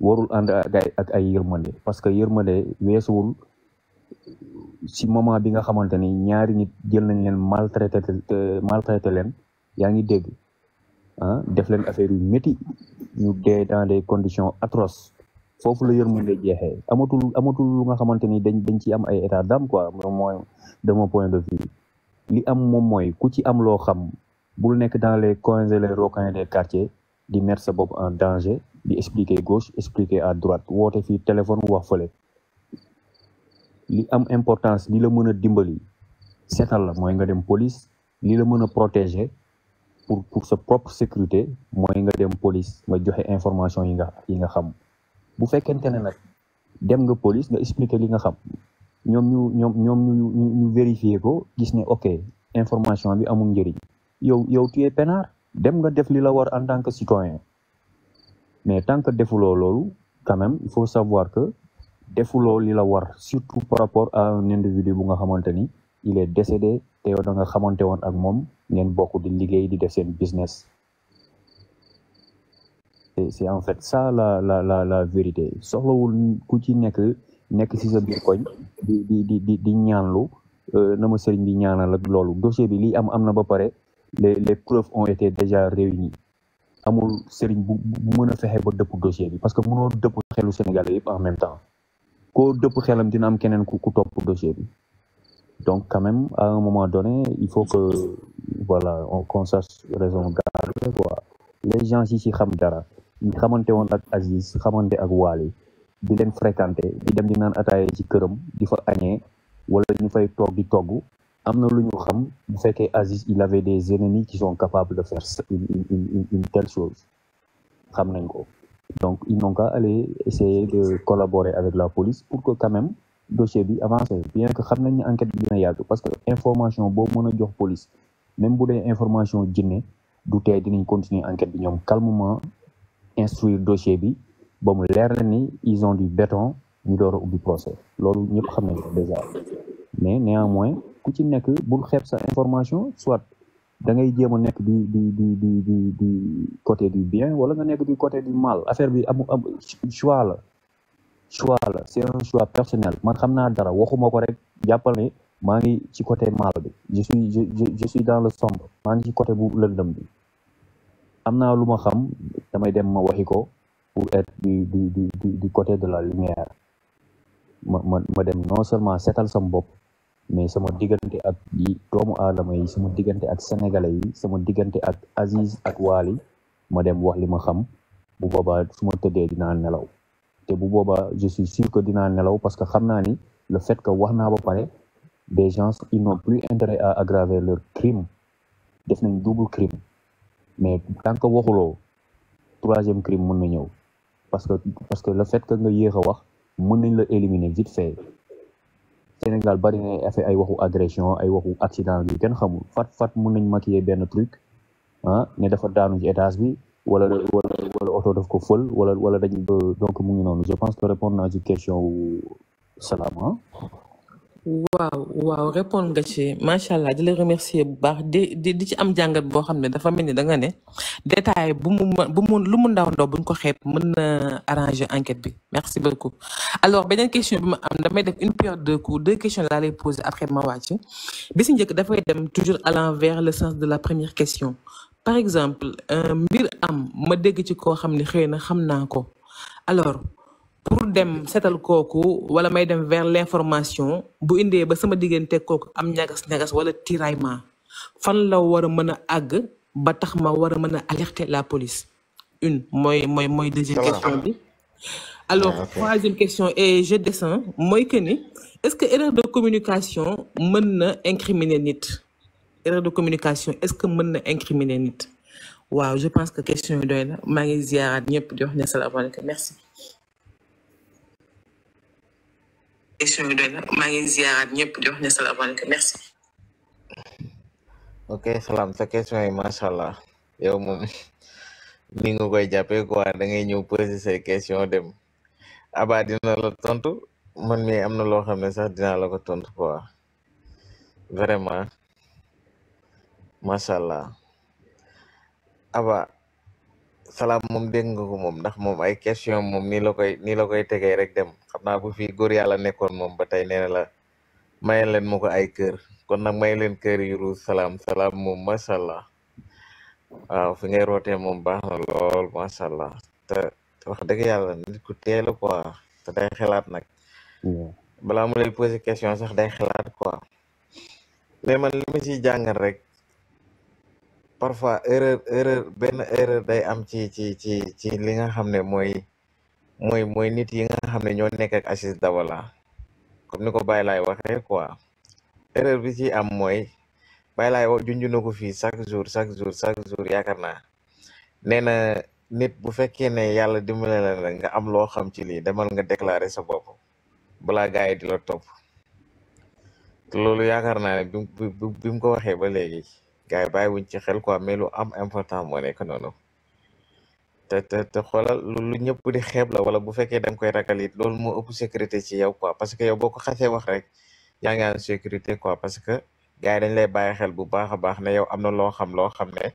warul ànd ak ay ak ay parce que yërmande weesuwul si moment bi nga xamante ni ñaari nit jël nañ leen maltraité maltraité leen yaa ngi dégg ah def leen affaire yu métti ñu dee dans des conditions atroces foofu la yërmande jeexee amatul amatul lu nga xamante ni dañ dañ ci am ay état d'âme quoi mooy de mon point de vue li am moom mooy ku ci am loo xam bul nekk dans les coins et les recoins des quartiers di mettre sa bopp en danger di expliquer gauche expliquer à droite woote fii téléphone wax fële li am importance li la mën a dimbali seetal la mooy nga dem police li la mën a protéger pour pour sa propre sécurité mooy nga dem police nga joxe information yi nga yi nga xam bu fekkente ne nag dem nga police nga expliquer li nga xam ñoom ñu ñoom ñoom ñu ñu vérifier ko gis ne ok information bi amul njëriñ yow yow tu es dem nga def li la war en tant que citoyen mais tant que defuloo lolou quand même il faut savoir que defuloo li la war surtout par rapport à un individu bu nga xamanteni il est décédé té yow da nga xamanté won ak mom ngeen bokku di liggéey di def sen business c'est en fait ça la la la la vérité wul ku ci nek nek ci sa bir koñ di di di di ñaanlu euh, na ma sëriñ bi ñaanal ak loolu dossier bi li am amna ba paré les les preuves ont été déjà réunies amul sëriñ bu bu mën a fexe ba dëpp dossier bi parce que mënoo dëpp xelu sénégalais yëpp en même temps koo dëpp xelam dina am keneen ku ku topp dossier bi donc quand même à un moment donné il faut que voilà on qu'on raison garder quoi les gens yi si xam dara ñi xamante woon ak Aziz xamante ak Waly di leen fréquenter di dem di naan ataaya ci këram di fa añee wala ñu fay di togg Aziz il avait des ennemis qui sont capables de faire une, telle chose donc ils n'ont qu'à aller essayer de collaborer avec la police pour que quand même dossier avance bien que nous avons une enquête bi parce que information informations, police même si les informations d'une du tey dinañ continuer enquête nous calmement instruire dossier bi ils ont du béton ils door du procès déjà mais néanmoins ku ci nekk bul xeeb sa information soit da ngay jéem a nekk di di di di di du côté du bien wala nga nekk du côté du mal affaire bi amu am choix la choix la c'est un choix personnel man xam naa dara waxuma ko rek jàppal ne maa ngi ci côté mal bi je suis je je je suis dans le sombre maa ngi ci côté bu lëndëm bi am naa lu ma xam damay dem ma waxi ko pour être du du du du côté de la lumière ma ma ma dem non seulement seetal sama bopp mais sama diggante ak yi doomu aadama yi sama diggante ak sénégalais yi sama diggante ak Aziz ak Waly ma dem wax li ma xam bu boobaa su ma tëddee dinaa nelaw te bu boobaa je suis sûr que dinaa nelaw parce que xam naa ni le fait que wax naa ba pare des gens ils n'ont plus intérêt à aggraver leur crime def nañ double crime mais tant que waxuloo troisième crime mën na ñëw parce que parce que le fait que nga yéex a wax mën nañ la éliminer vite fait Sénégal bari na affaire ay waxu agression ay waxu accident bi kenn xamul fat fat mun nañ maquiller benn truc ah ne dafa daanu ci étage bi wala wala wala oto daf ko fël wala wala dañ donc mu ngi noonu je pense que répondre na ci question wu salaam ah. Waouh, waouh, répondre nga ci je les remercie. Bah, remercier bu baax di ci am jàngat bo xamné dafa melni da nga né détail bu mu bu mu lu mu ndaw ndaw ko xép mën arranger enquête bi merci beaucoup. alors benen question bi am damay def une période de cours deux questions laa les poser après ma wati. bi si njëkk dafay dem toujours à l'envers le sens de la première question par exemple euh, mbir am ma dégg ci ko xamné xeyna xamna ko alors pour dem setal koku wala may dem vers l'information bu indee ba sama diggante kooku am ñagas-ñagas wala tiraillement fan la wara a ag ba tax ma wara a alerter la police une moy moy moy deuxième question bi alors ah, troisième question et je descends moy que ni est-ce que erreur de communication mën incriminer nit erreur de communication est-ce que mën incriminer nit waaw je pense que question yi doy la maa ngi ziarat ñëpp di wax ne salaamaaleykum merci Oke, salam sakit na masalah. Ya umum. Minggu gue wax gue ada nge ok sih saya question yi dem Aba di la tontu man am na loo xam ne sax dinaa tontu gue. vraiment Masalah. Aba. salaam moom dégg nga ko moom ndax moom ay question mom nii la koy nii la koy tegee rek dem xam naa bu fi góor yàlla nekkoon moom ba tey nee na la maye leen ma ko ay kër kon nag may leen kër yu salaam salaam moom macha allah waaw fi ngay rootee moom baax na lool macha allah te wax dëgg yàlla nit ku tee la quoi xelaat nag balaa mu lay posé question sax day xelaat quoi mais man li ma ciy rek parfois erreur erreur benn erreur day am ci ci ci ci li nga xam ne mooy mooy mooy nit yi nga xam ne ñoo nekk ak Aziz Dabala comme ni ko Baye Laye waxee quoi erreur bi am mooy bay Laye wax junj na ko fii chaque jour chaque jour chaque jour yaakaar naa nee na nit bu fekkee ne yàlla dimbale la la nga am loo xam ci lii demal nga déclarer sa bopp balaa gars yi di la topp ne bi ko waxee ba léegi. gars yi bàyyi wuñ ci xel quoi mais lu am important moo nekk noonu te te te xoolal lu ñëpp di xeeb la wala bu fekkee da nga koy ragal lool loolu moo sécurité ci yow quoi parce que yow boo ko xasee wax rek yaa ngi am sécurité quoi parce que gars yi dañ lay bàyyi xel bu baax a baax ne yow am na loo xam loo xam ne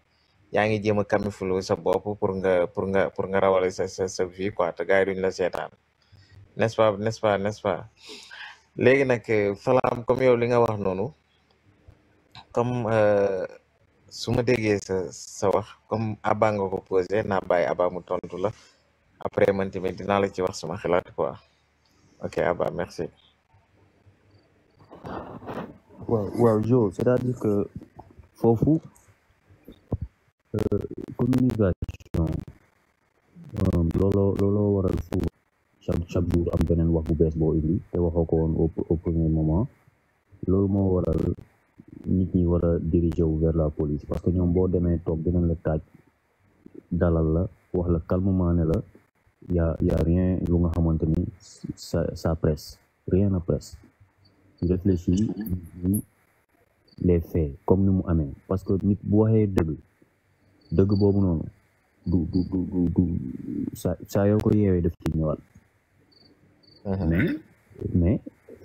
yaa ngi jéem a camoufler sa bopp pour nga pour nga pour nga rawale sa sa sa quoi te gay yi duñ la seetaan n'est-ce pas pa ce pas n'est-ce pas léegi nag euh, Salam comme li nga wax noonu comme. Euh, su ma déggee sa sa wax comme Abba nga ko posé naa bàyyi Abba mu tontu la après man tamit dinaa la ci wax sama xalaat quoi ok Abba merci. waaw waaw Jo cest euh, communication euh, looloo waral fu chaque chaque jour am beneen wax bu bees boo te waxoo ko woon au premier moment loolu moo waral. nit ñi war a diriger wu vers la police parce que ñoom boo demee toog dinañ la taaj dalal la wax la calmement ne la yaa y rien lu nga xamante ni ça ça presse rien ne presse tu réfléchis ñu comme ni mu amee parce que nit bu waxee dëgg dëgg boobu noonu du du du saa yoo ko yeewee def ci ñëwaat mm-hmm. mais mais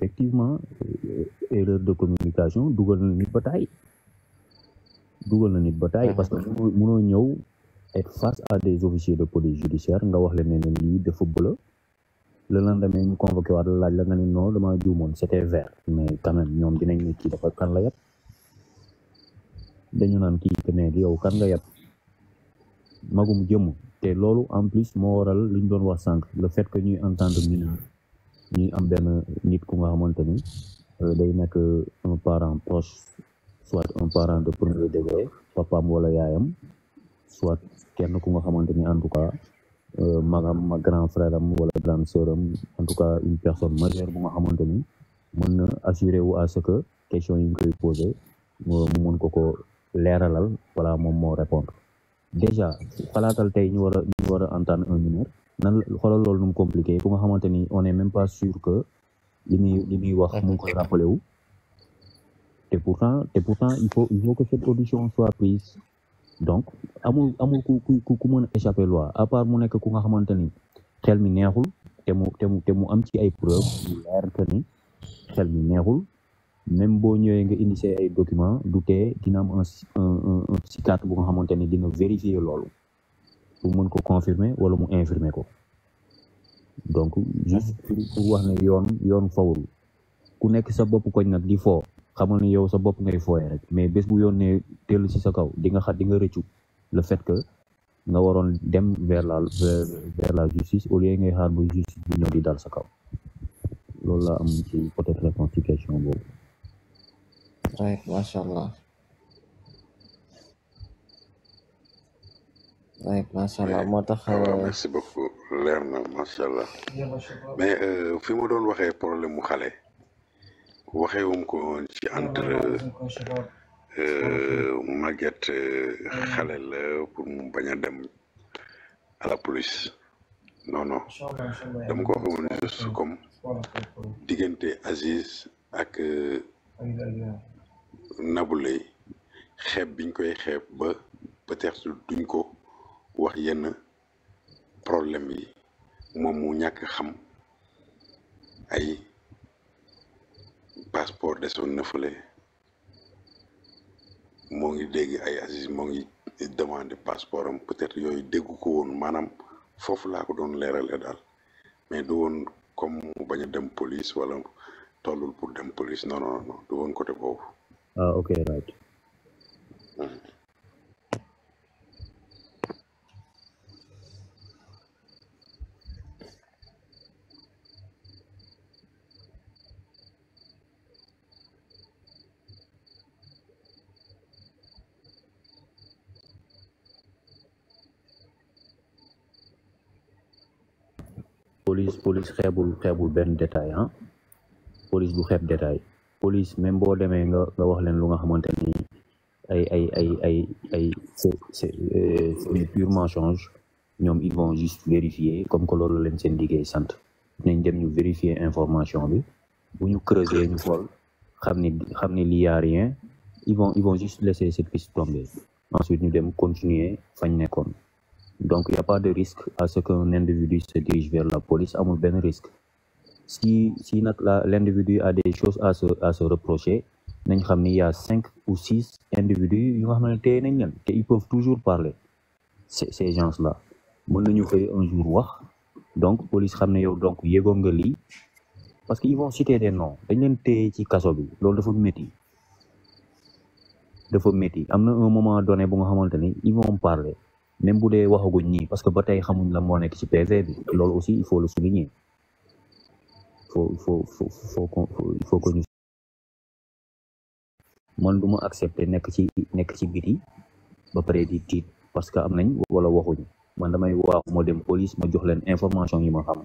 effectivement euh, erreur de communication Google na pas ba Google dugal na nit ba parce que ah. nous ñëw être face à des officiers de police judiciaire nga wax leen ne leen football. le lendemain nous convoqué waat la laaj la nga ne non dama c'était vert mais quand même ñoom dinañ ne kii dafa kan la yàpp dañu naan kii que ne yow kan nga yàpp magum jëmm te loolu en plus moo waral liñ doon wax sànq le fait que ñuy entendre mineur ñuy am benn nit ku nga xamante ni euh, day nekk un parent proche soit un parent de premier degré papaam wala yaayam soit kenn ku nga xamante ni en tout cas euh, magam ma grand frère am wala grande sœur en tout cas une personne majeure bu nga xamante ni mën na assurer wu à ce que question yi ñu koy posé mu mën ko ko leeralal voilà moom moo répondre déjà xalaatal tey ñu war a un mineur nan xoolal loolu num compliqué ku nga xamante on est même pas sûr que li muy wax mu ko rappeler wu et pourtant et pourtant il faut il faut que cette audition soit prise donc amul amul ku ku ku mën échapper loi à part mu nek ku nga xamante ni xel mi neexul te mu te mu te mu am ci ay preuves yu leer que ni xel mi neexul même bo ñëwee nga initier ay documents du dina am un un un psychiatre bu nga xamante dina vérifier loolu pour mën ko confirmer wala mu infirmer ko donc juste pour wax ne yoon yoon fawul ku nekk sa bopp koñ nag di foo xamal ne yow sa bopp ngay fooyee rek mais bés bu yoon ne teel ci sa kaw di nga xat di nga rëccu le fait que nga waroon dem vers la vers la justice au lieu ngay xaar ba justice bi ñëw di dal sa kaw loolu laa am ci peut-être réponse ci question boobu. waaye allah. oui macha allah eh, moo tax. Euh, merci beaucoup leer na macha allah. mais euh, fi mu doon waxee problème mu xale. waxee ko woon ci entre euh, Maguette xale la pour mu bañ a dem à la police non non dama ko waxee juste comme diggante Aziz ak Naboulaye xeeb biñ koy xeeb ba peut-être duñ ko. wax yenn problème yi moom mu ñakk xam ay passeport desoon na fële moo ngi dégg ay Aziz moo ngi demandé passeport am peut-être yooyu déggu ko woon maanaam foofu laa ko doon leerale daal mais du woon comme mu bañ dem police wala tollul pour dem police non non non du woon côté boobu. Ah, mm-hmm. police police xébul xébul ben détail hein police bu xeeb détail police même bo démé nga nga wax leen lu nga xamante ay ay ay ay ay c'est c'est euh, purement change ñom ils vont juste vérifier comme que lolu leen sen liggéey sante nañ dem ñu vérifier information bi bu ñu creuser ñu xool xamni xamni li ya y a rien ils vont ils vont juste laisser cette piste tomber ensuite ñu dem continuer fañ nekkoon donc, il n'y a pas de risque à ce qu'un individu se dirige vers la police, pas de risque si si l'individu a des choses à se à se reprocher il y a cinq ou six individus qui peuvent toujours parler ces ces gens là mën nañu xëy un jour wax donc police xam yow donc yéegoon nga parce qu'ils vont citer des noms Ils vont téye ci casolu, bi loolu dafa métti dafa métti am un moment donné ils vont parler même bu dee waxaguñ nii parce que ba tey xamuñ la moo nekk ci PV bi loolu aussi il faut le souligner il faut il faut faut il faut que man du ma accepter nekk ci nekk ci biti ba pare di tiit parce que am nañ wala waxuñ man damay waaxu ma dem police ma jox leen information yi ma xam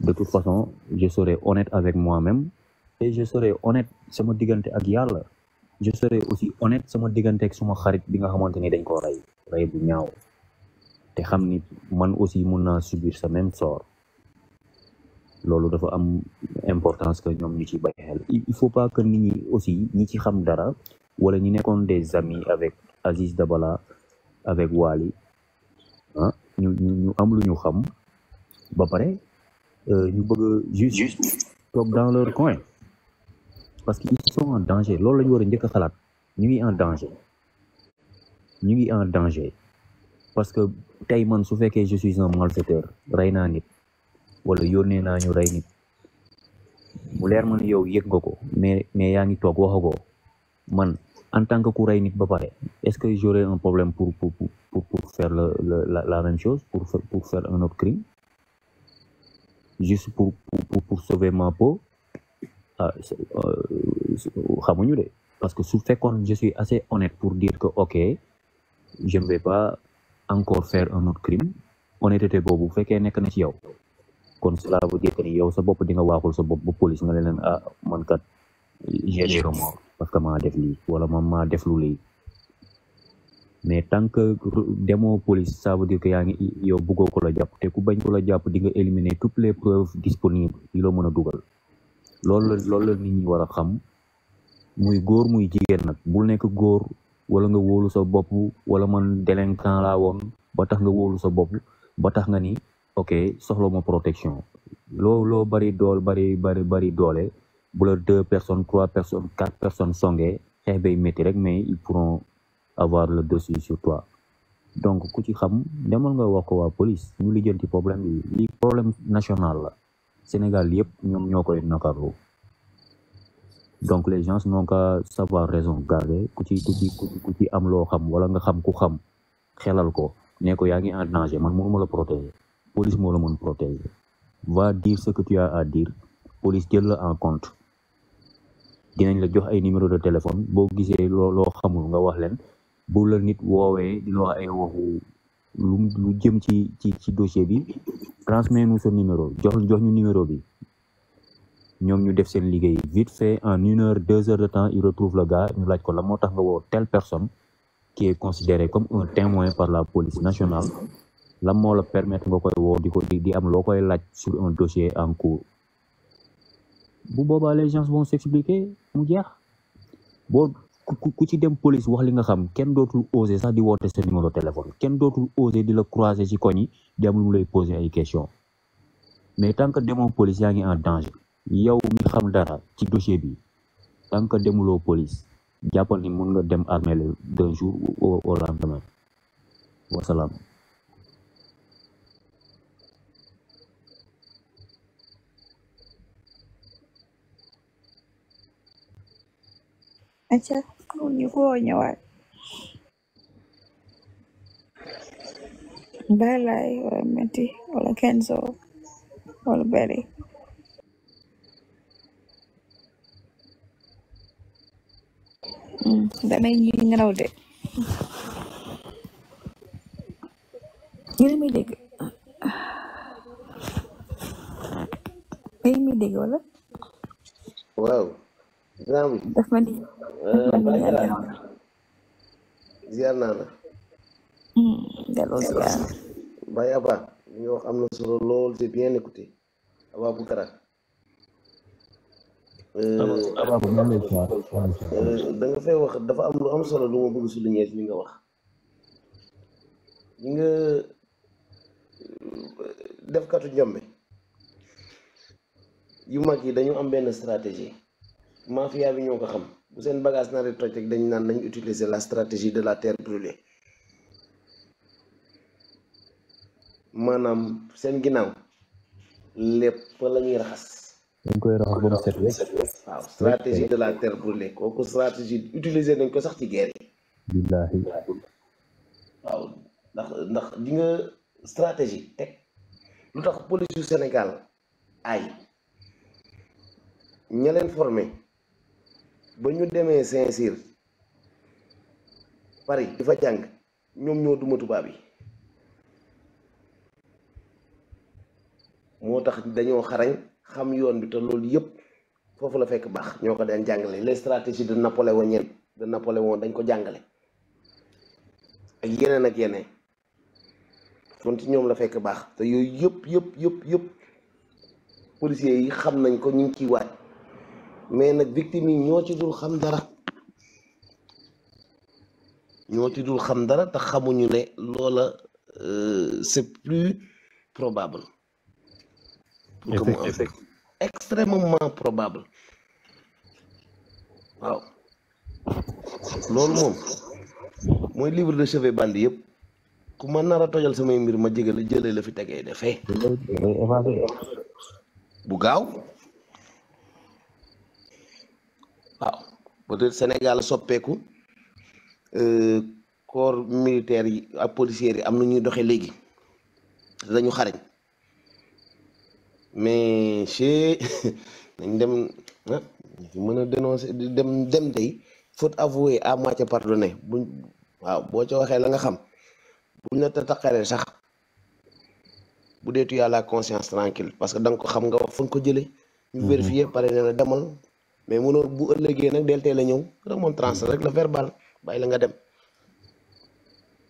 de toute façon je serai honnête avec mois même et je serai honnête sama diggante ak yàlla je serai aussi honnête sama digganteek ak suma xarit bi nga xamante ni dañ ko rey rey bu ñaaw te xam ni man aussi mun naa subir sa même sort loolu dafa am importance que ñoom ñu ci bàyyi xel que nit ñi aussi ñi ci xam dara wala ñi nekkoon des amis avec Aziz Dabala avec Wali ah ñu ñu am lu ñu xam ba pare euh, ñu bëgg juste toog dans leur coin parce qu'ils sont en danger loolu en danger Nous sommes en danger parce que Taïman je suis un malfaiteur je nit wala ou mais mais en tant que est-ce que j'aurais un problème pour pour faire la, même chose pour pour faire un autre crime juste pour pour, pour sauver ma peau ah xamuñu de parce que su fekkoon je suis assez honnête pour dire que ok je ba vais pas encore faire un autre crime honnêteté boobu bu fekkee nekk na ci yow kon cela veut dire que ni yow sa bopp di nga waaxul sa bopp ba police nga ne leen ah man parce que maa def lii wala man maa def lu lii mais tant que demoo police ça veut dire que yaa ngi yow bëggoo ko la jàpp te ku bañ ko la jàpp di nga éliminer toutes les preuves disponibles yi la mën a dugal. loolu la loolu la nit ñi war a xam muy góor muy jigéen nag bul nekk góor wala nga wóolu sa bopp wala man délinquant laa woon ba tax nga wóolu sa bopp ba tax nga ni ok soxla ma protection loo loo bari dool bari bari bari doole bu la deux personnes trois personnes quatre personnes songee xeex bay métti rek mais ils pourront avoir le dessus sur toi donc ku ci xam demal nga wax ko waa police ñu lijjanti problème bi lii problème national la Sénégal yëpp ñoom ñoo koy nakaru donc les gens n'ont savoir raison garder ku ci ku ci ku ci am loo xam wala nga xam ku xam xelal ko ne ko yaa ngi en danger man mënuma la protéger police moo la mën protéger va dire ce à dire police jël en compte dinañ la jox ay numéro de téléphone boo gisee loo xamul nga wax leen bu la nit woowe di la ay waxu lu lu jëm ci ci dossier bi transmet nous son numéro jox jox ñu numéro bi ñom ñu def sen liguey vite fait en une heure deux heures de temps il retrouve le gars ñu laaj ko la motax nga wo telle personne qui est considéré comme un témoin par la police nationale la mo la permettre nga koy wo diko di am lokoy sur un dossier en cours bu les gens vont s'expliquer mu jeex bo ku ci dem police wax li nga xam kenn dootul oser sax di woote sa numéro téléphone kenn dootul oser di la croiser ci koñ yi di am lu lay poser ay question mais tant que demoo police yaa ngi en danger yow mi xam dara ci dossier bi tant que demuloo police jàppal ni mun nga dem armé le d'un jour au lendemain wasalaam अच्छा Ну, никого не вай. Belai wala Menti wala Kenzo wala Belly. Dana yi ngelaw de. Yéen mi dégg yéen mi dégg wala. wow grand eh, bi. ziar naa la. Hmm, delloo ziar. Baye wax am lool j'ai bien écouté dafa am lu am solo lu ma bëgg souligner ci li nga wax. nga defkatu njombe yu mag yi dañu am benn stratégie. mafia bi ñoo ko xam bu seen bagage nare toj dañ naan nañ utiliser la stratégie de la terre brûlée maanaam seen ginnaaw lépp la ñuy raxas. dañ koy raxas ba mu set wecc. stratégie de la terre brûlée kooku stratégie utiliser nañ ko sax ci guerre yi. waaw ndax ndax di stratégie teg lu tax police yu Sénégal ay ña leen ba ñu demee Saint-Cyr Paris di fa jàng ñoom ñoo duma tubaab yi moo tax dañoo xarañ xam yoon bi te loolu yëpp foofu la fekk baax ñoo ko daan jàngale les stratégies de napoléonienne de Napoléon dañ ko jàngale ak yeneen ak yeneen kon ci ñoom la fekk baax te yooyu yëpp yëpp yëpp yëpp policiers yi xam nañ ko ñu ngi ciy waaj mais nag victime yi ñoo ci dul xam dara ñoo ci xam dara te xamuñu ne loola euh, c'est plus probable. pour que mu am extrêmement probable waaw loolu moom mooy livre de chevet band yëpp ku ma nar a tojal samay mbir ma jege la jëlee la fi tegee defee. bu gaaw. waaw peut-être Sénégal soppeeku euh, corps militaire yi ak policiers yi am na ñuy doxee léegi dañu xarañ mais chez dañ dem ah, mën a dénoncer dem dem tey faut avouer à moitié pardonner bu waaw boo ca waxee la nga xam buñ la tataqaree sax bu dee yàlla as la conscience tranquille parce que da ko xam nga wax fa nga ko jëlee. ñu mhm. vérifier pare ne la demal mais mënoo bu ëllëgee nag del la ñëw remontrance rek la verbal bàyyi la nga dem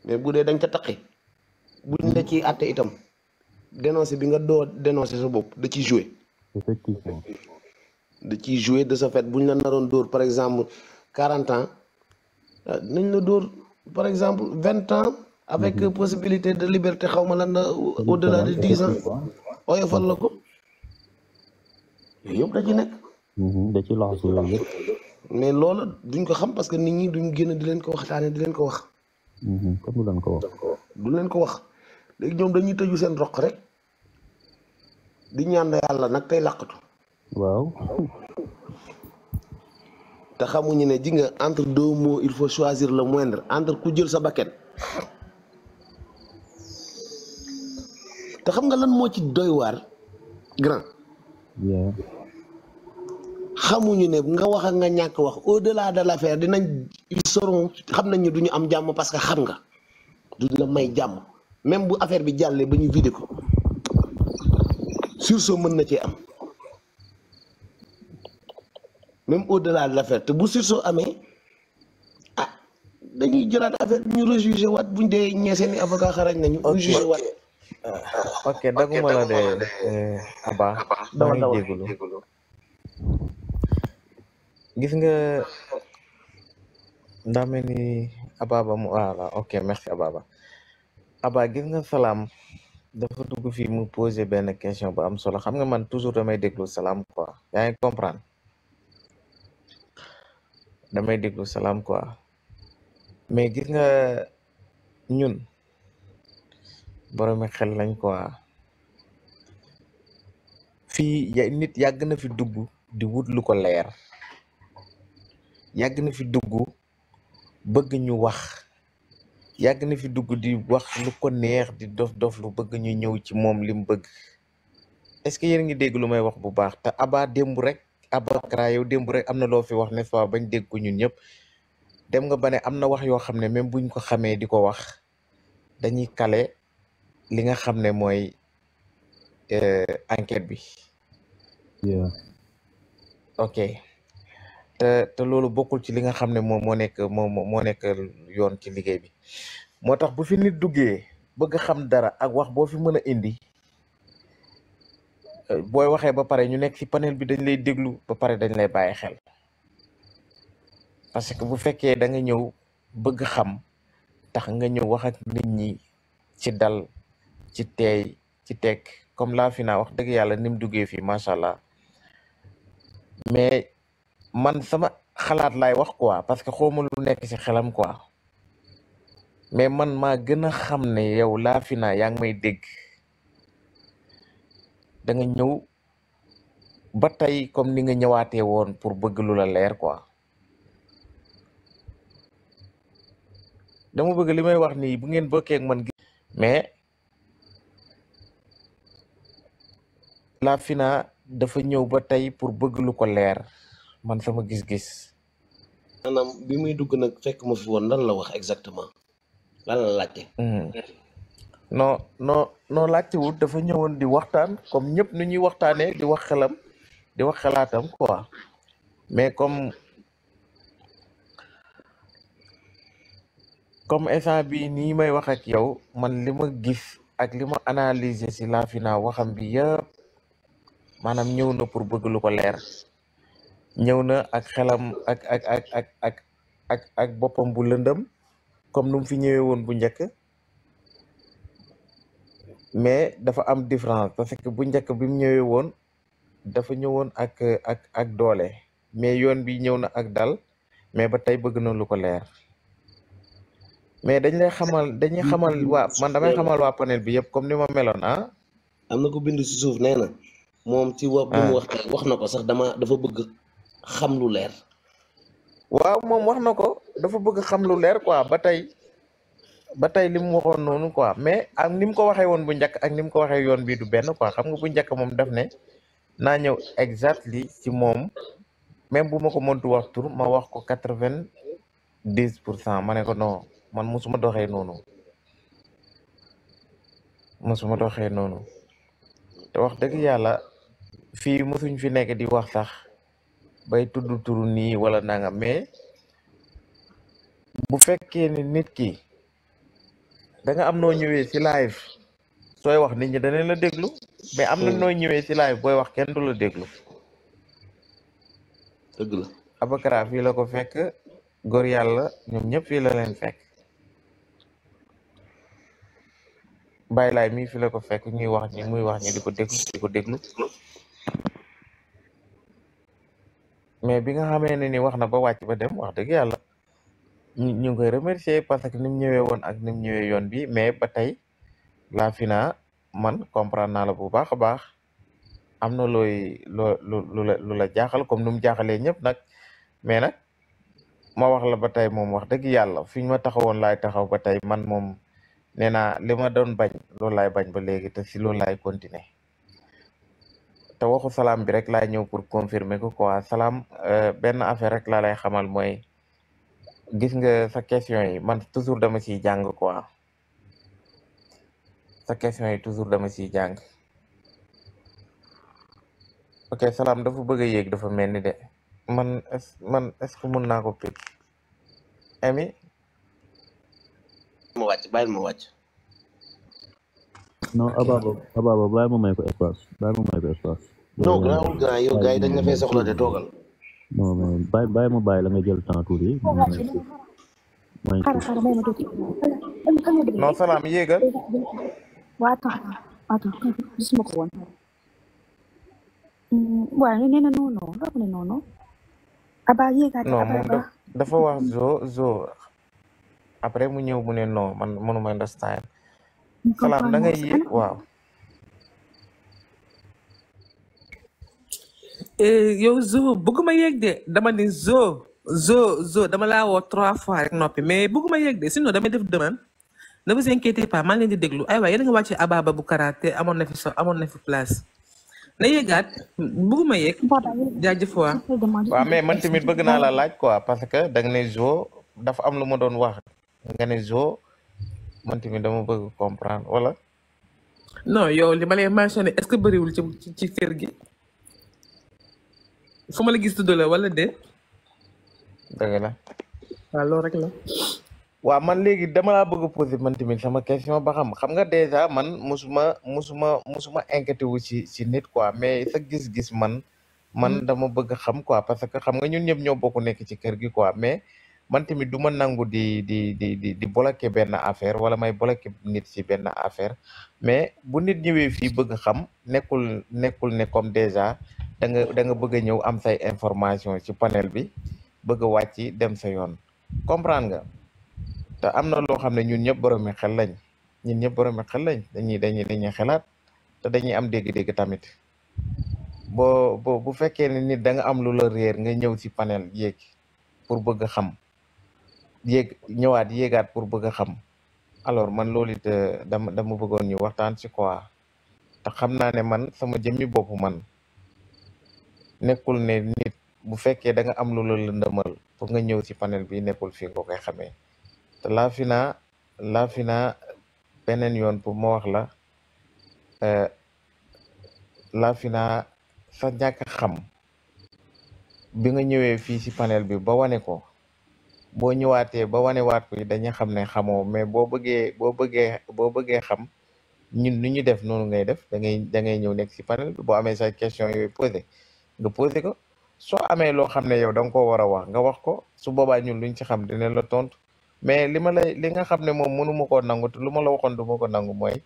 mais bu dee dañ nga ca taqi buñ la ciy àtte itam dénoncé bi nga doo dénoncé sa bopp da ciy joué. effectivement da ciy joué de ce fait buñ la naroon dóor par exemple quarante ans ah, nañ la dóor par exemple vingt ans. avec mhm. possibilité de liberté xaw ma lan la au delà de dix ans. oyofal la ko yooyu yëpp ci nekk. Mm-hmm. da ci laxasu yooyu yëpp mais loolu duñ ko xam parce que nit ñi duñ génn di leen ko waxtaane di leen ko wax mm-hmm. kon du leen ko wax du leen ko wax léegi ñoom dañuy tëju seen roq rek di ñaan yàlla nag tey làqatu waaw te xamuñu ne ji nga entre deux mots il faut choisir le moindre entre ku jël sa bakken te xam nga lan moo ci doy waar grand xamuñu ne nga wax ak nga ñàkk wax au delà de l' affaire dinañ ils xam nañ ne du am jàmm parce que xam nga duñ la may jàmm même bu affaire bi jàllee ba ñu vidé ko mën na ci am même au delà de l' affaire te bu sursaut amee ah dañuy jëlaat affaire bi ñu rejugé waat buñ dee ñee seen avocat xarañ nañu. rejugé waat ok daguma la de eh, Abba. dama déglu gis nga daa mel ni Ababa ah, ok merci Ababa Aba gis nga salaam dafa dugg fii mu posé benn question bu am solo xam nga man toujours damay déglu salaam quoi yaa ngi comprendre damay déglu salaam quoi mais gis nga ñun boromi xel lañ quoi fii nit yàgg na fi dugg di wutlu ko leer. yàgg na fi dugg bëgg ñu wax yàgg na fi dugg di wax lu ko neex di dof dof lu bëgg ñu ñëw ci moom li bëgg est-ce que yéen ngi dégg lu may wax bu baax te Aba démb rek Abakara yow démb rek am na loo fi wax ne ce pas bañ dégg ko ñun ñëpp dem nga ba ne am na wax yoo xam ne même buñ ko xamee di ko wax dañuy kale li nga xam ne mooy euh, enquête bi. ok. te te loolu bokkul ci li nga xamne ne mo nek mo mo nek yoon ci liggey bi motax bu fi nit duggé bëgg xam dara ak wax bo fi mëna indi euh, boy waxé ba pare ñu nek ci panel bi dañ lay déglu ba pare dañ lay bayé xel parce que bu féké da nga ñëw bëgg xam tax nga ñëw wax ak nit ñi ci dal ci teey ci tek comme la fina wax deug yalla nim duggé fi machallah mais man sama xalaat lay wax quoi parce que xomul lu nek ci xelam quoi mais man ma gëna xamné yow la fina Lafina ngi may dégg da nga ñëw ba tay comme ni nga ñëwaaté woon pour bëgg lu la leer quoi dama bëgg limay wax ni bu ngeen ak man Lafina dafa ñëw ba tay pour bëgg lu ko leer man sama gis-gis. maanaam bi muy dugg nag fekk ma fi woon lan la wax exactement lan la laajte. Hmm. non non laajte wut dafa ñëwoon di waxtaan comme ñëpp nu ñuy waxtaanee di wax xelam di wax xelaatam quoi mais comme comme instant bi nii may wax ak yow man li ma gis ak li ma analyser si laafinaa waxam bi yëpp maanaam ñëw na pour bëgg lu ko leer. ñëw na ak xelam ak ak ak ak boppam bu lëndëm comme nu fi ñëwee woon bu njëkk mais dafa am différence parce que bu njëkk bi mu ñëwee woon dafa ñëwoon ak ak ak doole mais yoon bi ñëw na ak dal mais ba tey bëgg na lu ko leer mais dañ lay xamal dañuy xamal waa man damay xamal waa panel bi yëpp comme ni ma meloon a ah. am na ko bind si suuf nee na moom ci ah. wax wax na ko sax dama dafa bëgg. xam lu leer. waaw moom wax na ko dafa bëgg xam lu leer quoi ba tey ba tey li mu waxoon noonu quoi mais ak ni mu ko waxee woon bu njëkk ak ni mu ko waxee yoon bii du benn quoi xam nga bu njëkk moom def ne naa ñëw exactly ci moom même bu ma ko mëntu wax tur ma wax ko quatre vingt dix pour cent ma ne ko non man mosuma doxee noonu mosuma doxee noonu te wax dëgg yàlla fii mosuñ fi nekk di wax sax. bay tudd turu nii walla nangam mais bu fekkee ni nit ki da am noo ñëwee ci live sooy wax nit ñi danañ la déglu mais am na hmm. nooy ñëwee ci live booy wax kenn du la déglu dëgg la fii la ko fekk góor yàlla ñoom ñëpp fii la leen fekk Baye Laay mii fi la ko fekk ñuy wax ñi muy wax ñi di ko déglu di ko déglu mais bi nga xamee ne ni wax na ba wàcc ba dem wax dëgg yàlla ñu ngi koy remercier parce que ni mu ñëwee woon ak ni mu ñëwee yoon bi mais ba tey la fina man comprendre naa la bu baax a baax am na looy loo lu la lu la jaaxal comme nu mu jaaxalee ñëpp nag mais nag ma wax la ba tey moom wax dëgg yàlla fi ñu ma taxawoon laay taxaw ba tey man moom nee naa li ma doon bañ loolu laay bañ ba léegi te si loolu laay continuer te waxu salaam bi rek laa ñëw pour confirmer ko quoi salaam euh, benn affaire rek laa lay xamal mooy gis nga sa question yi man toujours dama si jàng quoi sa question yi toujours dama siy jàng ok salaam dafa bëgg a yéeg dafa mel ni de man est man est ce mun naa ko pip ami mu wàcc bàyyil mu wàcc non Abba Abba Abba bàyyi ko espace bàyyi ma ko espace. non la fay salaam yéegal. waa tax attends gisuma ko woon. Mm, waaw nee na non après mu ñëw mu ne non man mënuma understand salaam da ngay yéeg waaw. yow zo bëgguma yéeg de dama ni zo zo zo dama laa woo trois fois rek noppi mais bëgguma yéeg de sinon damay def demande ne vous inquiétez pas maa ngi leen di déglu aywa yéen a ngi wàcce ababa bu karaté amoon na fi so amoon na fi place na yéegaat bëgguma yéeg jaajëf waa. waaw mais man tamit bëgg naa la laaj quoi parce que da ne zo dafa am lu ma doon wax nga ne zo. man tamit dama bëgg comprendre wala. non yow li ma lay mentionné est-ce que bëriwul ci ci kër gi. fu ma la gis tudd la wala de dëgg la. waaw loolu rek man léegi dama laa bëgg a poser man tamit sama question ba xam xam nga déjà man musuma musuma musuma inquiété wu ci ci nit quoi mais sa gis-gis man man mm. dama bëgg xam quoi parce que xam nga ñun ñëpp ñoo bokk nekk ci kër gi quoi mais. man tamit du ma nangu di di di di di bloqué benn affaire wala may bloqué nit si benn affaire mais bu nit ñëwee fii bëgg xam nekkul nekkul ne comme déjà da nga da bëgg a ñëw am say information ci panel bi bëgg a wàcc dem sa yoon comprendre nga te am na loo xam ne ñun ñëpp boroomi xel lañ ñun ñëpp boroomi xel lañ dañuy dañuy dañuy xelaat te dañuy am dégg-dégg tamit boo bo bu fekkee ne nit da nga am lu la réer nga ñëw si panel yéeg pour bëgg xam yéeg ñëwaat yéegaat pour bëgg a xam alors man loolu it euh, dama dama bëggoon ñu waxtaan ci quoi te xam naa ne man sama jëmmi bopp man nekkul ne nit bu fekkee da nga am lu la lëndëmal pour nga ñëw ci panel bi nekkul fii nga koy xamee te laafina laafina beneen yoon pour ma wax la euh, laafina sa ñàkk xam bi nga ñëwee fii ci panel bi ba wane ko boo ñëwaatee ba wanewaat ko dañuy xam ne xamoo mais boo bëggee boo bëggee boo bëggee xam ñun nu ñu def noonu ngay def da ngay da ñëw nekk si panel boo amee sa question yo posé nga posé ko soo amee loo xam ne yow da nga koo war a wax nga wax ko su boobaa ñun luñ ci xam dina la tontu mais li ma lay li nga xam ne moom mënu ma koo nangu te lu ma la waxoon du ma ko nangu mooy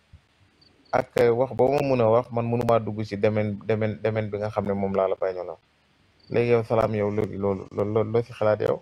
ak wax boo ma mun a wax man mënu maa dugg si domaine domaine domaine bi nga xam ne moom laa a bañu la léegi yow salaam yow loolu loolu loo si xalaat yow.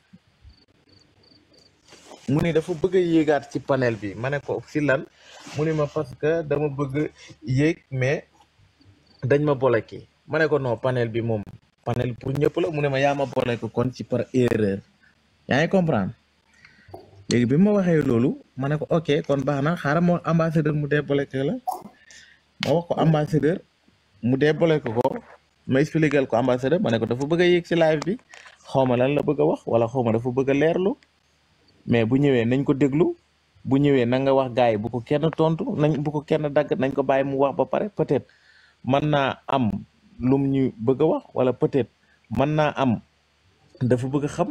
mu ne dafa bëgg a yéegaat ci panel bi ma ne ko si lan mu ne ma parce que dama bëgg yéeg mais dañ ma bloqué ma ne ko non panel bi moom panel pour ñëpp la mu ne ma yaa ma bloqué kon ci par erreur yaa ngi léegi bi ma waxee loolu ma ne ko ok kon baax na xaaral ma wax ambassadeur mu débloqué la ma wax ko ambassadeur mu débloqué ko ma expliqué ko ambassadeur ma ne ko dafa bëgg yéeg ci live bi xaw ma lan la bëgg a wax wala xaw ma dafa bëgg a leerlu. mais bu ñëwee nañ ko déglu bu ñëwee na nga wax gars yi bu ko kenn tontu nañ bu ko kenn dagg nañ ko bàyyi mu wax ba pare peut-être mën naa am lum ñu bëgg a wax wala peut-être mën naa am dafa bëgg xam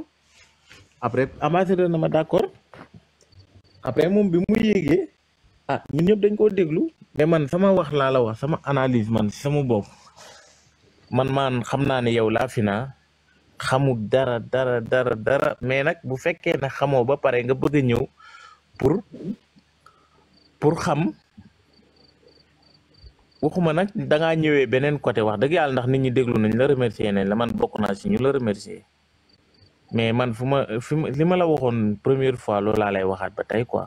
après ambassadeur na ma d'accord après moom bi mu yéegee ah ñun ñëpp dañ koo déglu mais man sama wax laa la wax sama analyse man si sama bopp man maan xam naa ne yow laa fi xamu dara dara dara dara mais nak bu fekke na xamoo ba pare nga bëgg a ñëw pour pour xam waxuma da nga ñëwé benen côté wax dëgg yàlla ndax nit ñi dégglu nañ la remercier nañ la man bokku na ci ñu la remercier mais man fuma lima la waxon première fois lo la lay waxat ba tay quoi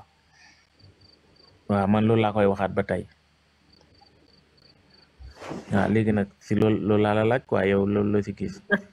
wa man lo la koy waxat ba tay waaw léegi nak si lo loolu laa la laaj quoi yow loolu si gis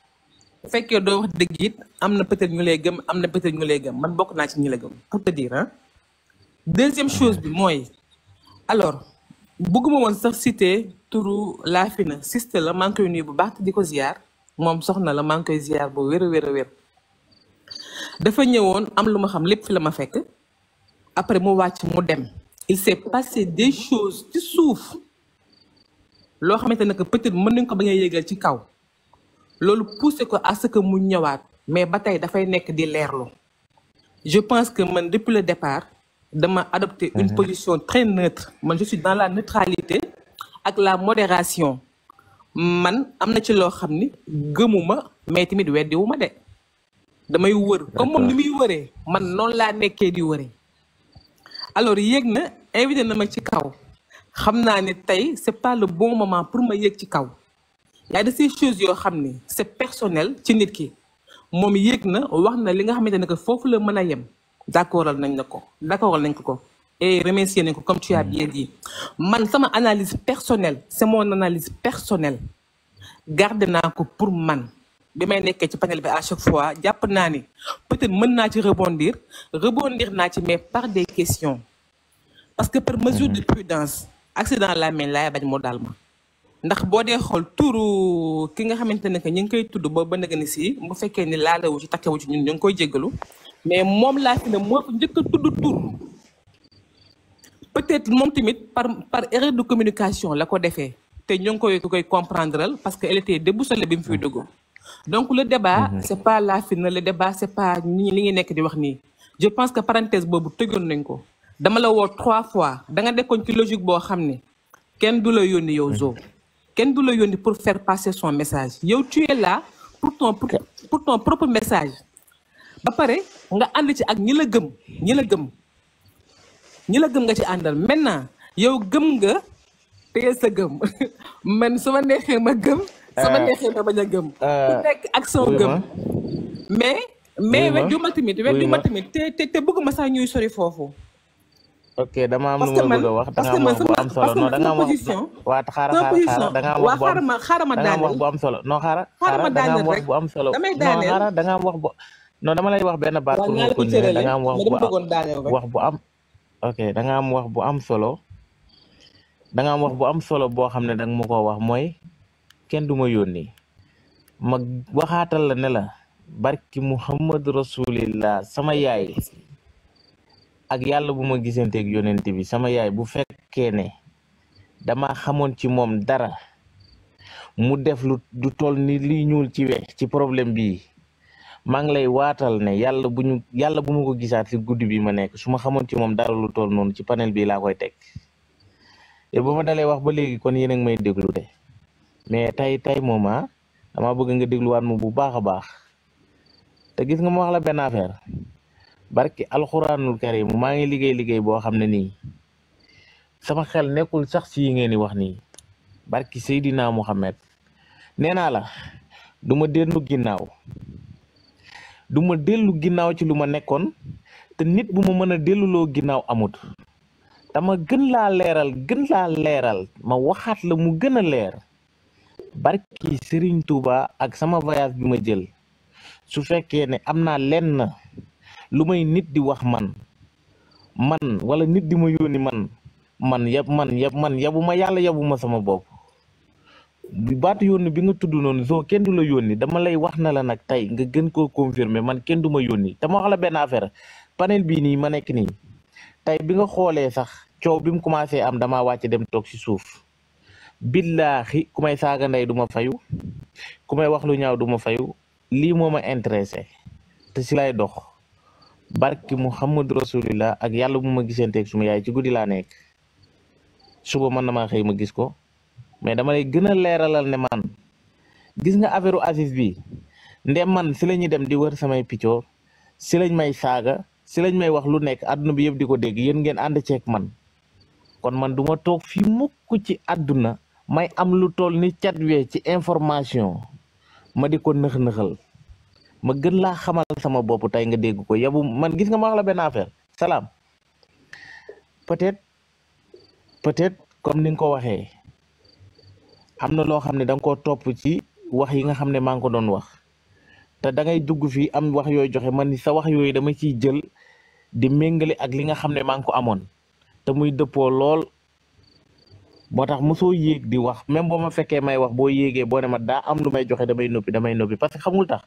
bu fekkee doo wax dëgg it am na peut-être ñu lay gëm am na peut-être ñu lay gëm man bokk naa ci ñi la gëm pour te dire hein deuxième chose bi mooy alors bëgguma woon sax cité turu Laafina siste la maa ngi koy nuyu bu baax te di ko ziar moom soxna la maa ngi koy ziar bu wér a wér a wér dafa ñëwoon am lu ma xam lépp fi la ma fekk après mu wàcc mu dem il s'est passé des choses ci suuf loo xamante ne que peut-être mën nañ ko ba ngay yégal ci kaw I poussé ko à ce que mu ñëwaat mais batay da je pense que depuis le départ dama adopté une mhm. position très neutre man je suis dans la neutralité avec la modération man am ci neutralité xamni gëmuma mais tamit weddiwu ma dé damay wër comme mom ni muy man non alors na ma ci kaw c'est pas le bon moment pour ma y a des ces choses qui xam c'est personnel ci nit ki mom yéeg na wax na li nga xamné nek que le meuna yem d'accordal nañ la d'accordal nañ ko et remercier nako comme tu as bien dit man sama analyse personnelle c'est mon analyse personnelle garde nako pour man bi may nekkee ci panel bi à chaque fois japp na ni peut-être mën naa ci rebondir rebondir na ci mais par des questions parce que par mesure de mhm. prudence accident la main la bañ mo daal ma ndax boo dee xool tuuru ki nga xamante ne que ñu ngi koy tudd ba ba nag ni si bu fekkee ni wu ci takkewu ci ñun ñu ngi koy jéggalu mais moom laa fi ne moo njëkk a tudd tur peut-être moom tamit par par erreur de communication la ko defee te ñu ngi koy koy comprendre parce que elle était déboussolée bi mu fi dugg donc le débat mhm. c'est pas la fi le débat c'est pas ñi li ngi nekk di wax nii je pense que parenthèse boobu tëjoon nañ ko dama la woo trois fois da nga dekkoon ci logique boo xam ne kenn du la yónni yow Zo kenn du la yónni pour faire passer son message yow tu es là pour ton pour ton propre message ba pare nga ànd ci ak ñi la gëm ñi la gëm ñi la gëm nga ci àndal maintenant yow gëm nga téye sa gëm man su neexee ma gëm su euh, neexee ma bañ a gëm euh, ku nekk ak son gëm mais mais weddi ma tamit weddi ma tamit te te te bëgguma sax ñuy sori foofu ok dama am lu ma bëgg wax da nga wax bu am solo no da nga wax waa xara xara da nga wax bu am da nga wax bu am solo no xara xara da nga wax bu am solo no xara da nga wax bu no dama lay wax ben baat ñu ko continuer da nga am wax bu am wax bu am ok da nga am wax bu am solo da nga am wax bu am solo bo xamne da nga ma ko wax moy kenn duma yoni ma waxatal la ne la barki muhammad rasulillah sama yaay ak yàlla bu ma gisanteeg yonent bi sama yaay bu fekkee ne dama xamoon ci moom dara mu def lu du toll ni liy ñuul ci we ci problème bi maa ngi lay waatal ne yàlla bu ñu bu ma ko gisaat ci guddi bi ma nekk su ma xamoon ci moom dara lu toll noonu ci panel bi laa koy teg te ba ma dalee wax ba léegi kon yéen a may déglu te mais tey tey moom ah dama bëgg nga dégluwaat ma bu baax a baax te gis nga ma wax la benn affaire barki alxuraanul karim maa ngi liggéey liggéey boo xam ne nii sama xel nekkul sax si ngeen di wax nii barki Seydina Mohamed nee naa la duma ma dellu ginnaaw duma dellu ginnaaw ci lu ma nekkoon te nit bu ma mën a delluloo ginnaaw amut dama gën laa leeral gën laa leeral ma waxaat la mu gën a leer barki sëriñ tuuba ak sama voyage bi ma jël su fekkee ne am naa lenn. lu may nit di wax man man wala nit di ma yónni man man yab man yab man yabu ma yàlla yabu ma sama bopp baatu yónni bi nga tudd noonu soo kenn du la yónni dama lay wax na la nag tey nga gën koo confirmer man kenn du ma yónni te ma wax la benn affaire panel bii nii ma nekk nii tey bi nga xoolee sax coow bi mu commencé am damaa wàcc dem toog ci suuf billaahi ku may saaga ndey du ma fayu ku may wax lu ñaaw duma ma fayu lii moo ma intéressé te si lay dox barki muhammad rasulillah ak yalla bu ma ak suma yaay ci goudi la nek suba man na maa ma gis ko mais dama lay gëna léralal né man gis nga affaireu Aziz bi ndé man si lañu dem di wër samay piccoor si lañ may saga. si lañ may wax lu nek aduna bi di ko dégg yeen ngeen ci ak man kon man duma tok fi mukk ci aduna may am lu toll ni cat wé ci information ma diko ko neexal ma gën laa xamal sama bopp tey nga dégg ko yabu man gis nga ma wax la benn affaire salaam peut-être peut-être comme ni nga ko waxee am na loo xam ne da nga koo topp ci wax yi nga xam ne maa ngi ko doon wax te da ngay dugg fii am wax yooyu joxe man sa wax yooyu dama ciy jël di méngale ak li nga xam ne maa ngi ko amoon te muy dëppoo lool moo tax mosoo yéeg di wax même boo ma fekkee may wax boo yéegee boo ne ma daa am lu may joxe damay noppi damay noppi parce que xamul tax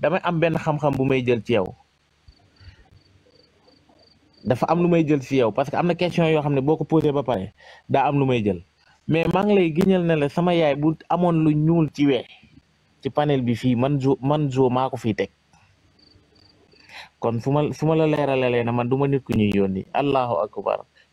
damay am benn xam-xam bu may jël ci yow dafa am lu may jël ci yow parce que am na question yoo xam ne boo ko posé ba pare daa am lu may jël mais maa ngi lay giñal ne la sama yaay bu amoon lu ñuul ci wee ci panel bi fii man jo man jo maa ko fii teg kon fu ma fu ma la leeralalee na man du ma nit ku ñuy yónni allahu akbar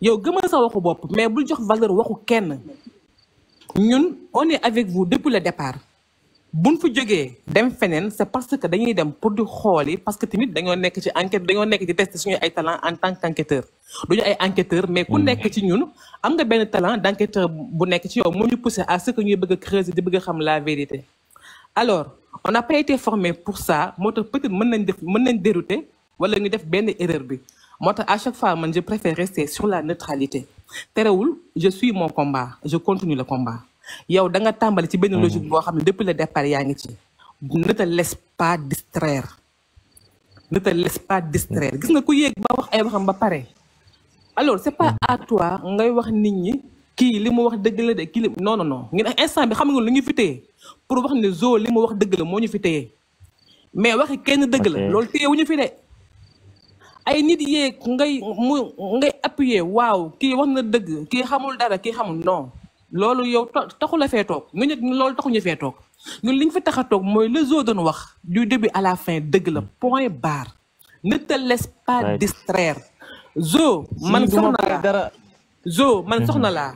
yow gëmal sa waxu bop mais bu jox valeur waxu kenn ñun on est avec vous depuis le départ buñ fu joggé dem fenen c'est parce que dañuy dem pour di xoli parce que timit dañoo nek ci enquête dañoo nek ci tester suñu ay talent en tant qu'enquêteur duñu ay enquêteur mais ku hmm. nek ci ñun am nga ben talent d'enquêteur bu nek ci yow moñu pousser à ce que ñuy bëgg creuser di bëgg xam la vérité alors on n'a pas été formé pour ça moo peut-être mën nañ def mën nañ dérouter wala ñu def ben erreur bi moi à chaque fois man je préfère rester sur la neutralité Terreul je suis mon combat je continue le combat yow da nga tàmbali ci benn hmm. logique bo xam depuis le départ yaa ngi ci ne te laisse pas distraire ne te laisse pas distraire gis nga ku yegg ba wax ay waxam ba paré. alors c'est pas hmm. à toi ngay wax nit ñi ki li mu wax deug la de kii non non non ngeen instant bi xam nga lu ñu pour wax ne Zo li mu wax deug la moo ñu mais waxi kenn deug la loolu téyewuñu fi dé. ay nit yeeg ngay mu ngay appuyer waaw kii wax na dëgg kii xamul dara kii xamul non loolu yow taxu la fee toog ñu nit loolu taxu fee toog ñun liñ fi tax a toog mooy le zoo doon wax du début à la fin dëgg la point barre ne te laisse pas distraire zoo man soxna laa dara zoo man mhm. soxna laa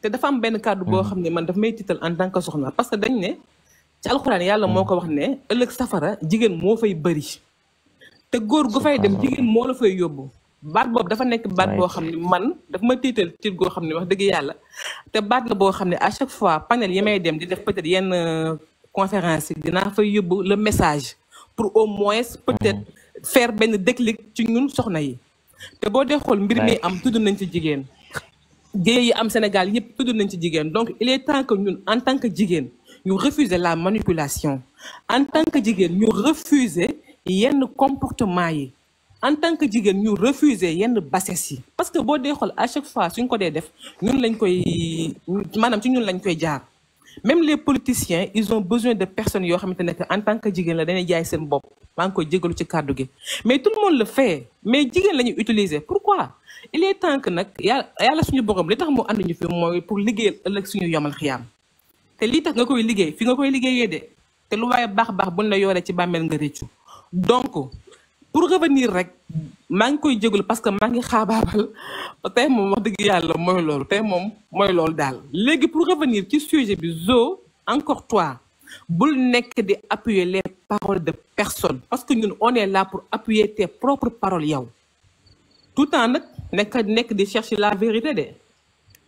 te dafa am benn kàddu boo mhm. xam ne man daf may tiital en tant que soxna parce que dañ ne ci alxuraan yàlla mhm. moo ko wax ne ëllëg safara jigéen moo fay bëri te góor gu fay dem jigéen moo la fay yóbbu baat boobu dafa nekk baat boo xam ne man daf ma tiital ci goo xam ne wax dëgg yàlla te baat la boo xam ne à chaque fois panel yi may dem di def peut-être yenn euh, conférence yi dinaa fay yóbbu le message pour au moins peut-être mm-hmm. faire benn déclic ci ñun soxna yi te boo dee xool mbir mi am tudd nañ ci jigéen géey yi am Sénégal yëpp tudd nañ ci jigéen donc il est temps que ñun en tant que jigéen ñu refuser la manipulation en tant que jigéen ñu refuser yenn comportement yi en tant que jigéen ñu refuser yenn bassesse yi parce que boo dee xool à chaque fois suñ ko dee def ñun lañ koy maanaam ci ñun lañ koy jaar même les politiciens ils ont besoin de personnes yoo xamante ne que en tant que jigéen la dañuy jaay seen bopp maa ngi koy jégalu ci kàddu gi mais tout le monde le fait mais jigéen la ñuy utiliser pourquoi il est temps que nag yàlla suñu borom li tax mu ànd ñu fi mooy pour liggéeyal ëllëg suñu yomal xiyaam te lii tax nga koy liggéey fi nga koy liggéeyee de te lu waaye baax baax buñ la yoree ci bàmmeel nga réccu donc pour revenir rek maa ngi koy jégalu parce que maa ngi xaabaabal tey moom wax dëgg yàlla mooy loolu tey moom mooy loolu daal léegi pour revenir ci sujet bi Zo encore toi bul nekk di appuyer les paroles de personne parce que ñun on est là pour appuyer tes propres paroles yow tout temps nag nekk nekk di chercher la vérité de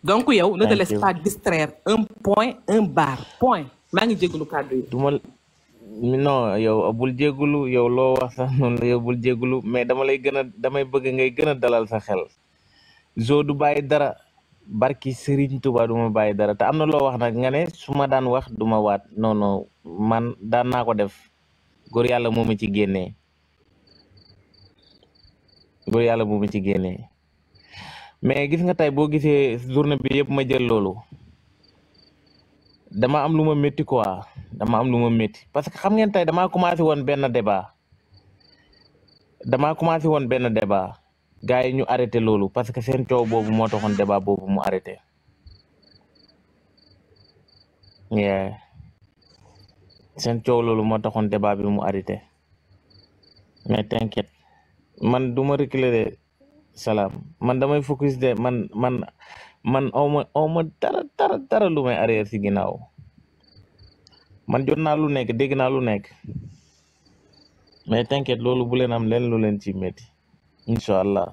donc yow ne te laisse pas distraire un point un bar point maa ngi jégalu kàddu yi non yow bul jéggulu yow loo wax sax noonu la yow bul jéggulu mais dama lay gën a damay bëgg ngay gën a dalal sa xel zo du bàyyi dara barki sëriñ Touba du ma bàyyi dara te am na loo wax nag nga ne su ma daan wax du ma waat non man daan naa ko def góor yàlla moom ma ci génnee góor yàlla moo ci génnee mais gis nga tey boo gisee journée bi yëpp ma jël loolu dama am lu ma métti dama am lu ma métti parce que xam ngeen tey dama commencé woon benn débat dama commencé woon benn débat gars yi ñu arrêté loolu parce que seen coow boobu moo taxoon débat boobu mu seen coow moo taxoon débat bi mu arrêté mais t'inquiète man du ma reculer salaam man damay focus de man man man awma awma dara dara dara lu may arrière si ginnaaw man jot naa lu nekk dégg naa lu nekk mais t'inquiète loolu bu leen am leen lu leen ci métti incha allah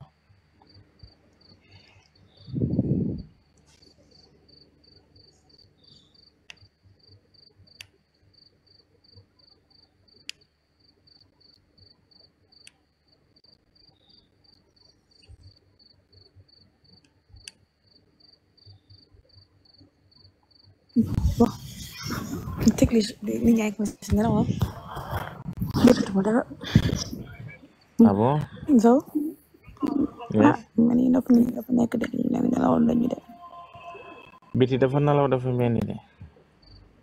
teg li li ah ah, ñu biti dafa nelaw dafa mel ni de.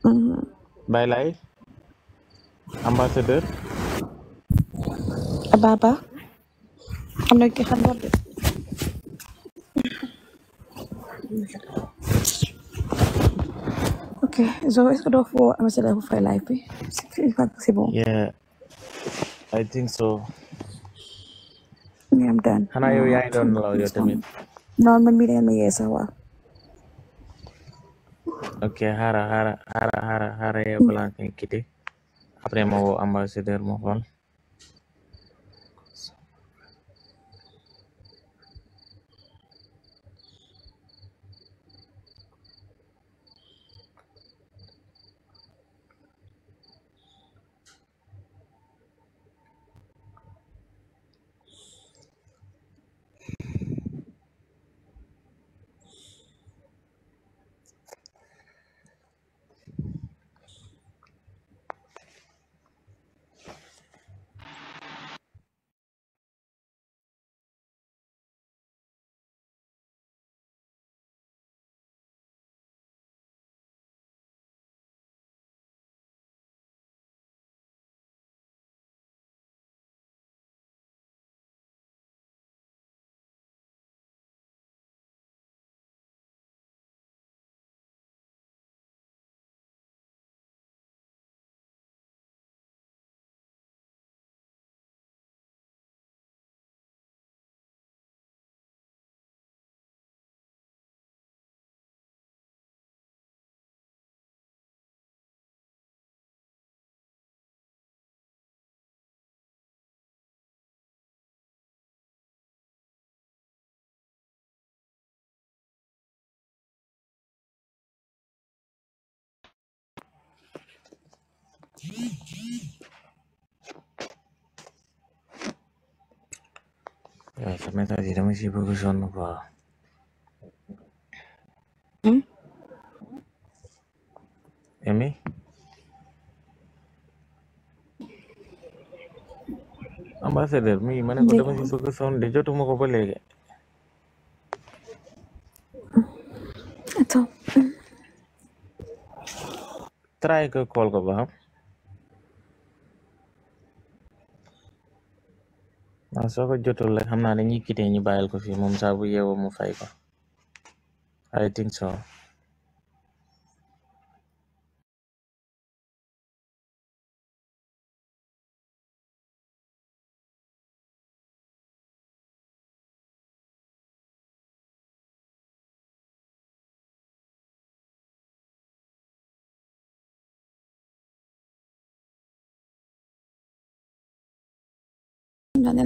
Mm-hmm. Baye Laye. ambassadeur. Ababa. Ah, am na ki xam de. Ok, so est good of war. I'm still la faire live It's Yeah, I think so. Yeah, I'm done. Hana, no, I don't know your time. No, I'm be there yes, I will. Okay, hara hara hara hara hara ya belakang kita. Gitu. Apa yang mau ambil mau mohon. 야, 삼메다 이름이 집으로 줬나 봐. 응? 에미? ambassador mi mana ko dama ci bëgg son de jotuma ko ba léegi attends try ko call ko ba xam waaw soo ko jotul xam naa dañuy quitté ñu bàyyil ko fii moom saa bu yeewoo mu fay ko I think so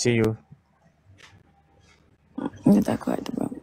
See you. Не так, давай.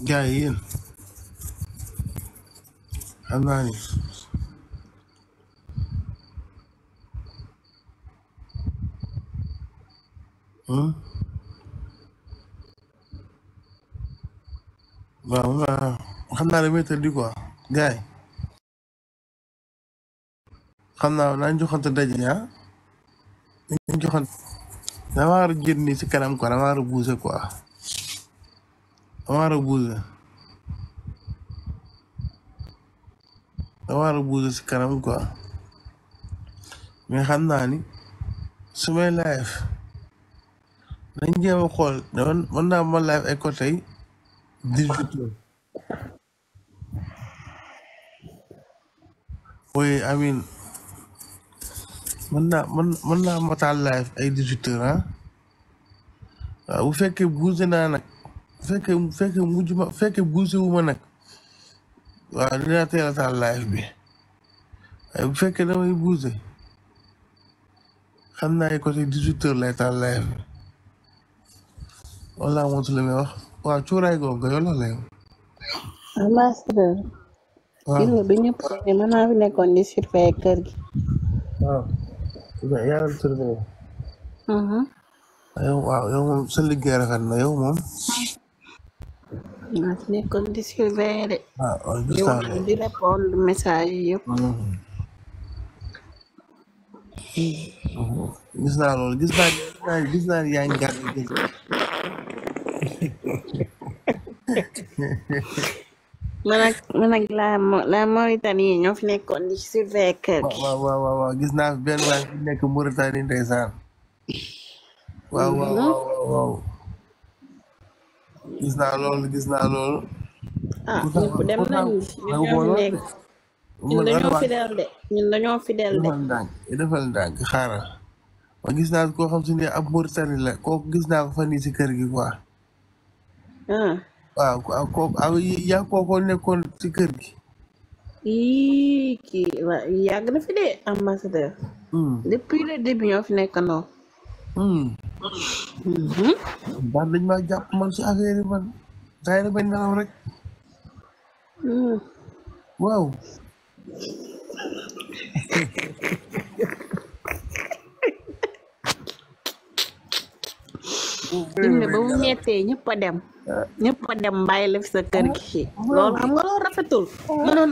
gars yi yéen hmm? xam naa ni waaw xam naa damay tëdd quoi gars yi xam naa naañ joxante daje ah nañ joxante damaa war a jënd nii si kanam quoi damaa war a buuse quoi Dama rabuse dama rabuse si kanam quoi mais xam naa ni su may live nañ jéem a xool dama mën naa ma live ay côté tey dix-huit heures naa mën mën ay dix-huit ah. bu fekkee buuse naa nag fekke fekke mujj ma fekke bougé ma nag waaw dinaa teel a taal live bi waaye bu fekkee damay bougé xam naa ko côté dix-huit heures lay taal live bi wala la may wax waaw cuuraay googu yow la ah, lay mhm. waaw yow moom sa liggéey rafet na yow moom maa ngi nekkoon di surveiller di woon message yi yëpp. gis naa loolu gis naa yaa ngi gàddu géej. man ak man la la Mauritanie ñoo fi nekkoon di surveiller kër benn waay fi nekk Mauritanie ndeysaan. waaw waaw waaw waaw. gis naa loolu gis naa loolu. ah ñëpp dem nañu ñun dañoo fidèle de ñun dañoo fidèle de. defal ndànk xaaral ma gis naa koo xam si ne ab Mauritanie la kooku gis naa ko fan si kër gi quoi. ah waaw kooku aw ah, nekkoon si kër gi. yii kii waa yàgg na fi de ambassadeur. Hmm. depuis le début ñoo fi nekk noonu. Hmm. man dañ maa jàpp man si affaire yi man day la bañ nelaw rek waaw dund ba mu mettee ñëpp a dem ñëpp sa xam nga rafetul nañ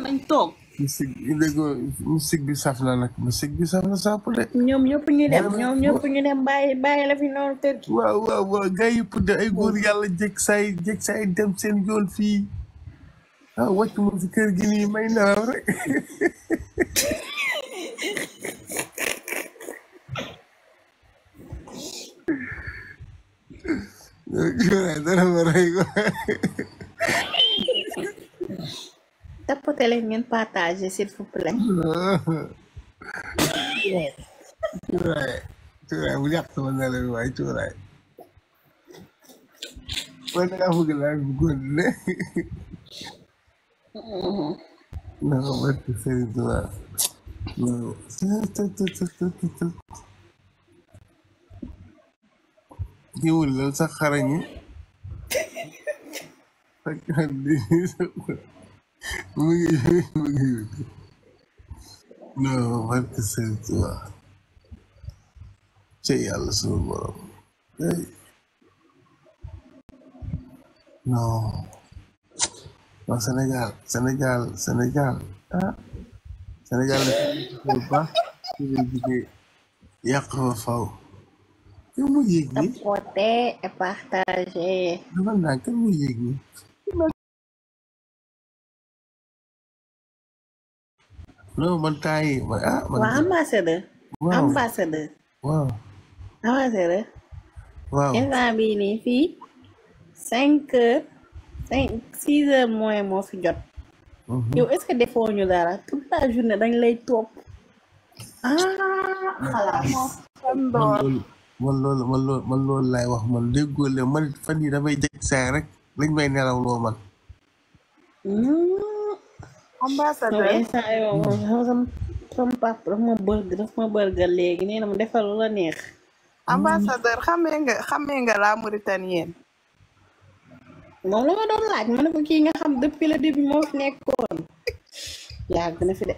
musik dégg musik bi saf na musik bi saf na saabu de. ñoom ñëpp ñu dem ñoom ñëpp ñu dem bàyyi bàyyi la fi noonu tër ki. waaw waaw waaw gars yi pour de ay góor yàlla jég saay jég saay dem seen yoon fii ah wàcc ma si kër gi nii may nelaw rek. dana ma rey ko. tapote leen ngeen partager s'il vous plaît. cuuraay cuuraay bu yàq sama nelaw waaye cuuraay. man dangaa bëgg laa bu góor ne. non man de Serigne Touba non. diwul loolu sax xarañi. no, vai que tua lá. Cheia-lhe sua não No. No, Senegal, Senegal, Senegal. Ah. Senegal bu baax suñu liggéey yàq fa faw kan mu yéeg ni apporter et partager dafa naa kan mu non man taay ah. ambassadeur. ambassadeur. waaw. ambassadeur. waaw instant bii nii cinq heures cinq six heures moins moo jot. Mm-hmm. yow est que defoo dara toute la journée dañ lay topp. ah xalaat man loolu man loolu man wax man déggoo man fan yii damay jëkk saay rek lañ may nelaw loo man. Hmm. ambassadrice saa yoo moom sama sama papa dafa ma bërg dafa ma bërgal léegi nee na mu defal lu la neex ambassadeur xamee nga xamee nga la Mauritanienne moom la ma doon laaj ma ne ko kii nga xam depuis le début moo fi nekkoon yàgg na fi de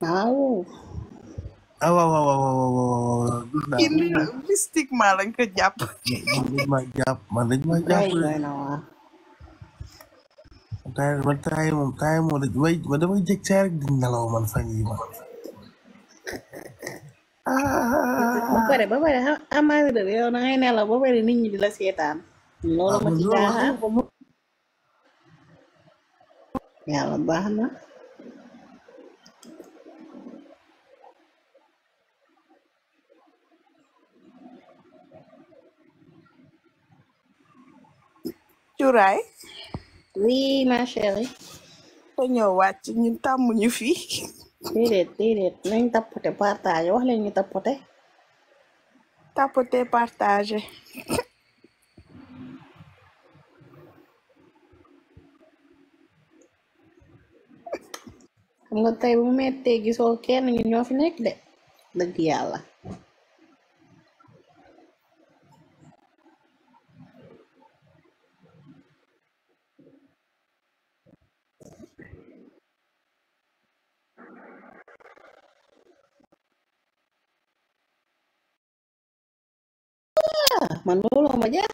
waaw ah waaw waaw waaw waaw waaw mystiquement lañ ko jàpp dañ ma jàpp man tay ba tay moom tay moo da way ba check check di nelaw man fan yi ma ba ba pare amaana de na ngay nelaw ba pare nit ñi di la na Oui, ma chérie. te ñëw wàcc ñun tàmmuñu fi. déedéet déedéet nañ tapoter partage wax leen ñu tapoter. tapoter partage. xam nga tey bu mettee gisoo kenn ñun ñoo fi nekk de dëgg yàlla. Rahman mulu manulung aja